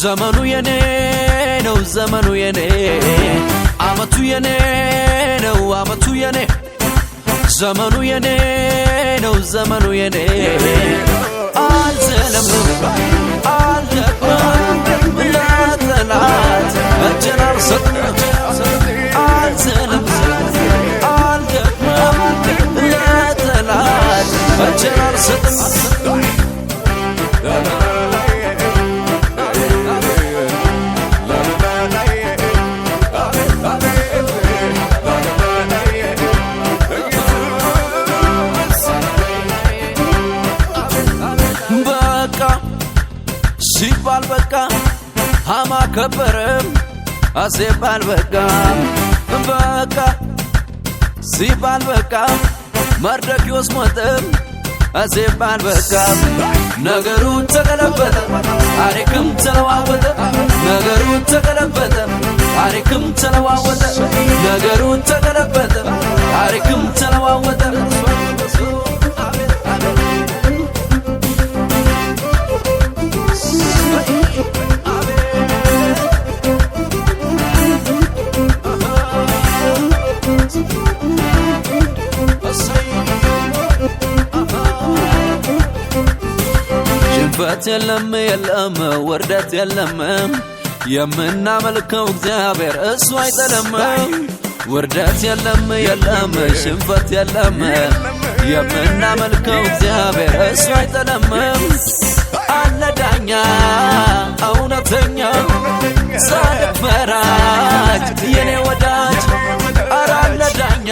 ዘመኑ የኔ ነው ዘመኑ የኔ አመቱ የኔ ነው አመቱ የኔ ዘመኑ የኔ ነው ዘመኑ የኔ አልዘለምም አልደቅም ለጠላት መጀናርሰን አልዘለም አልደቅም ለጠላት መጀናርሰን አከበረም አሴባል በቃ በቃ ሲባል በቃ መርደኪዎስ ሞተም አሴባል በቃ ነገሩ ተገለበጠ ታሪክም ተለዋወጠ ነገሩ ተገለበጠ ታሪክም ተለዋወጠ ነገሩ ተገለበጠ ታሪክም ተለዋወጠ ክፋት የለም የለም ውርደት የለም የምናመልከው እግዚአብሔር እሱ አይጠለም ውርደት የለም የለም ሽንፈት የለም የምናመልከው እግዚአብሔር እሱ አይጠለም አለ ዳኛ እውነተኛ የኔ ወዳጅ አራለ ዳኛ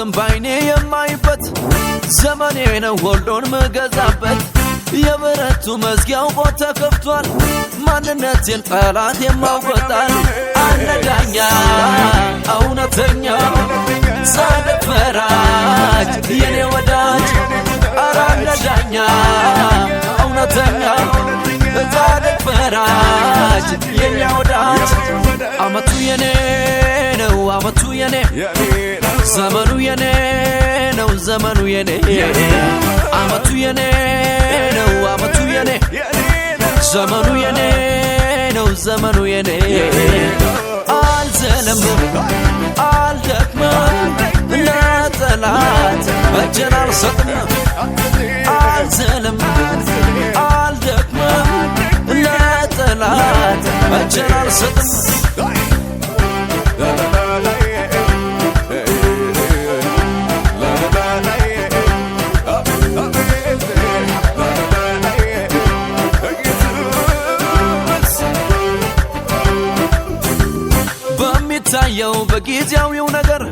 እውነትም ባይኔ የማይበት ዘመኔ ነው ሁሉን ምገዛበት የብረቱ መዝጊያው ቦታ ከፍቷል ማንነቴን ጠላት የማውቆጣል አነዳኛ እውነተኛ ሳልፈራጅ ፈራጅ የኔ ወዳጅ አራነዳኛ እውነተኛ ፈራጅ የኛ ወዳጅ አመቱ የኔ ነው አመቱ የኔ ዘመኑ የኔ ነው ዘመኑ የኔ አመቱ የኔ ነው አመቱ የኔ ዘመኑ የኔ ነው ዘመኑ የኔ አልዘለም አልደክመም ለጠላት እጄን አልሰጥም አልዘለም አልደክመም ለጠላት እጄን አልሰጥም አየው በጊዜያዊው ነገር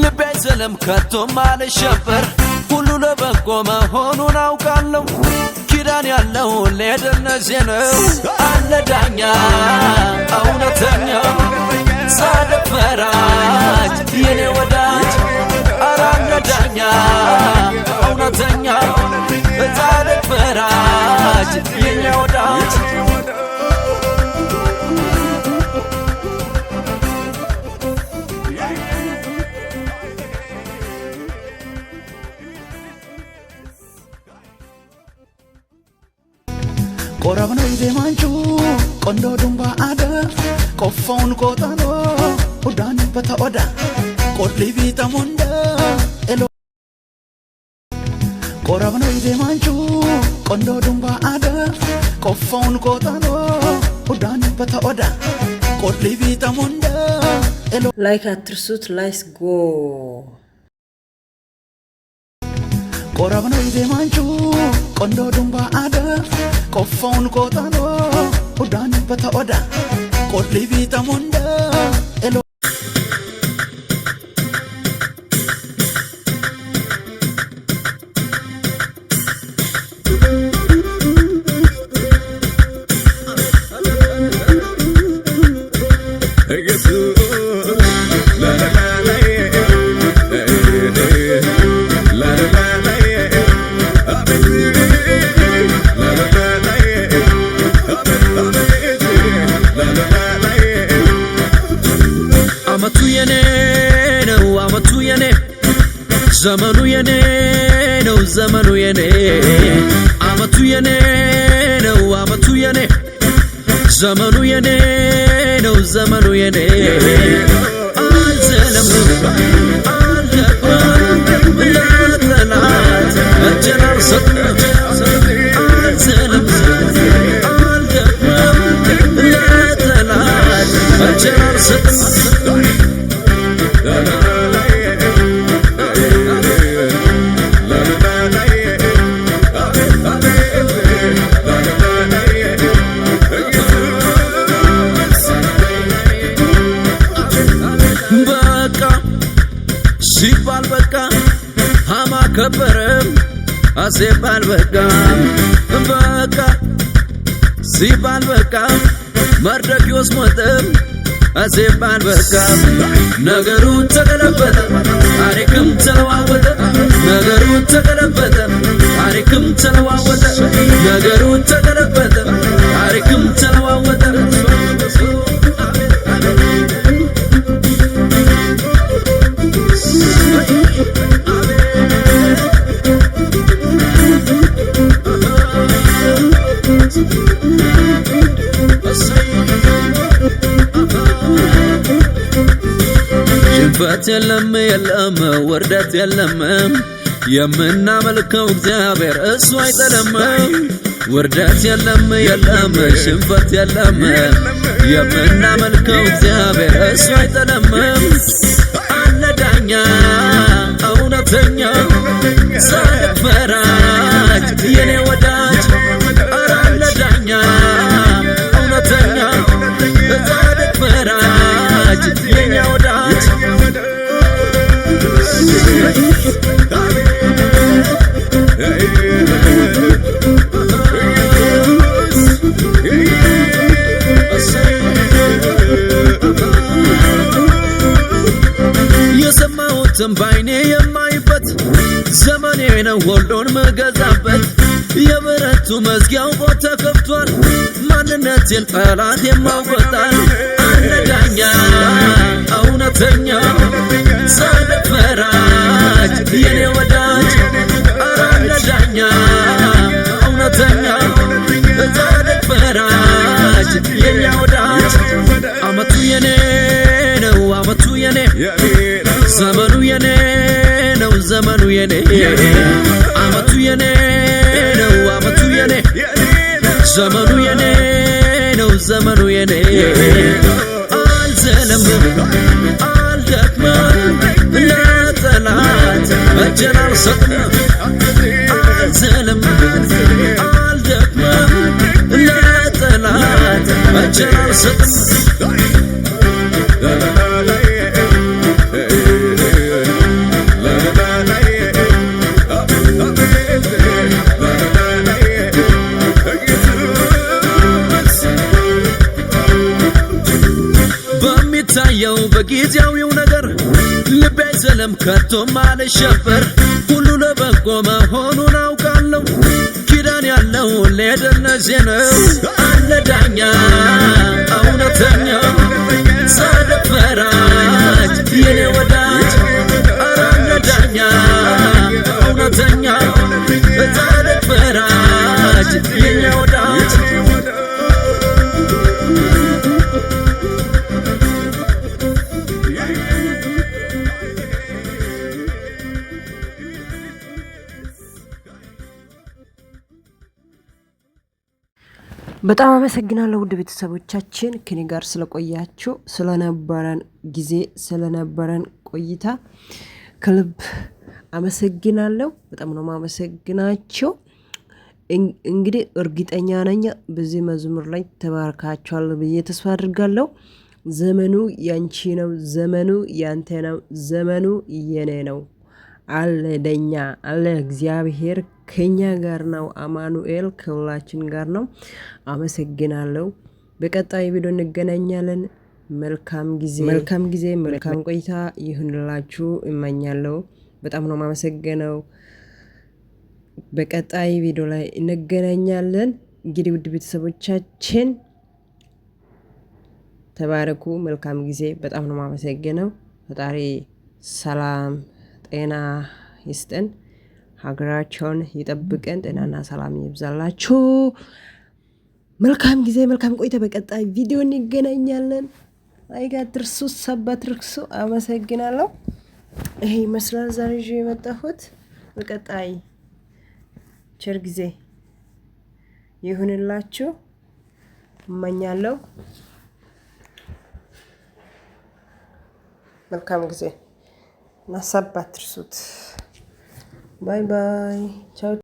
ልቤ አይዘለም ከቶም አልሸበር ሁሉ ለበጎ መሆኑን አውቃለሁ ኪዳን ያለው ለደነዜ ነው አለ ዳኛ እውነተኛው ፈራጅ የኔ ወዳጅ አራለ ዳኛ እውነተኛው ፈራጅ የኔ ወዳጅ ቆረብነ ይዜማንቹ ቆንዶ ዱምባ አደ ቆፈውን ቆጠሎ ኡዳን በተኦዳ ቆሊ ቢጠሙንደ ኤሎ ቆረብነ ይዜማንቹ ቆንዶ ዱምባ አደ ቆፈውን ቆጠሎ ኡዳን በተኦዳ ቆሊ ቢጠሙንደ ላይክ አትርሱት። ላይስ ጎ ቆረብነው ዜማንቹ ቆንዶ ዱምባ አደ ቆፎውን ቆጣሎ ኡዳን በተኦዳ ቆሊቢ ተሞንደ ዘመኑ የኔ ነው ዘመኑ የኔ አመቱ የኔ ነው አመቱ የኔ ዘመኑ የኔ ነው ዘመኑ የኔ አልዘለም አልገባም ለጠላት አልዘለም አልገባም ለጠላት አከበረም አሴባል በቃም በቃ ሲባል በቃ መርደኪዮስ ሞተም አሴባል በቃ ነገሩን ተገለበጠ፣ ታሪክም ተለዋወጠ። ነገሩን ተገለበጠ፣ ታሪክም ተለዋወጠ። ነገሩን ተገለበጠ፣ ታሪክም ተለዋወጠ። ክፋት የለም የለም ውርደት የለም የምናመልከው እግዚአብሔር እሱ አይጠለም። ውርደት የለም የለም ሽንፈት የለም የምናመልከው እግዚአብሔር እሱ አይጠለም። አለ ዳኛ እውነተኛ ፈራጅ የኔ ወዳጅ አለ ዳኛ እውነተኛ ፈራጅ የሰማሁትን ባይኔ የማይበት ዘመኔ ነው ሁሉን መገዛበት የብረቱ መዝጊያው ቦታ ከፍቷል። ማንነቴን ጠላት የማውቆጣል አነዳኛ እውነተኛ ሳልፈራ ነች የኔ ወዳጅ አራለ ዳኛ እውነተኛ ጻድቅ ፈራጅ የኛ ወዳጅ አመቱ የኔ ነው አመቱ የኔ ዘመኑ የኔ ነው ዘመኑ የኔ አመቱ የኔ ነው አመቱ የኔ ዘመኑ የኔ ነው ዘመኑ የኔ አልዘለም እጄን አልሰጥም አልዘልም አልደክምም ለጠላት እጄን አልሰጥም የሚታየው በጊዜያዊው ነገር ልቤ ዘለም ከቶም አልሸበር ሁሉ ለበጎ መሆኑን አውቃለሁ። ኪዳን ያለው ሌደነዜ ነው አለ ዳኛ እውነተኛው የኔ ወዳ በጣም አመሰግናለሁ ውድ ቤተሰቦቻችን ከኔ ጋር ስለቆያችሁ ስለነበረን ጊዜ ስለነበረን ቆይታ ከልብ አመሰግናለሁ። በጣም ነው ማመሰግናቸው። እንግዲህ እርግጠኛ ነኝ በዚህ መዝሙር ላይ ተባርካችኋል ብዬ ተስፋ አድርጋለሁ። ዘመኑ ያንቺ ነው፣ ዘመኑ ያንተ ነው፣ ዘመኑ የኔ ነው አለ ለኛ አለ እግዚአብሔር ከኛ ጋር ነው። አማኑኤል ከሁላችን ጋር ነው። አመሰግናለሁ። በቀጣይ ቪዲዮ እንገናኛለን። መልካም ጊዜ መልካም ጊዜ መልካም ቆይታ ይሁንላችሁ እመኛለሁ። በጣም ነው የማመሰግነው። በቀጣይ ቪዲዮ ላይ እንገናኛለን። እንግዲህ ውድ ቤተሰቦቻችን ተባረኩ። መልካም ጊዜ። በጣም ነው የማመሰግነው። ፈጣሪ ሰላም ጤና ይስጠን። ሀገራቸውን ይጠብቀን፣ ጤናና ሰላም ይብዛላችሁ። መልካም ጊዜ፣ መልካም ቆይታ። በቀጣይ ቪዲዮ እንገናኛለን። አይጋ ድርሱ ሰባት ርክሱ አመሰግናለሁ። ይሄ ይመስላል ዛሬ ይዤ የመጣሁት። በቀጣይ ቸር ጊዜ ይሁንላችሁ እመኛለሁ። መልካም ጊዜ እና ሰባት Bye bye. Ciao.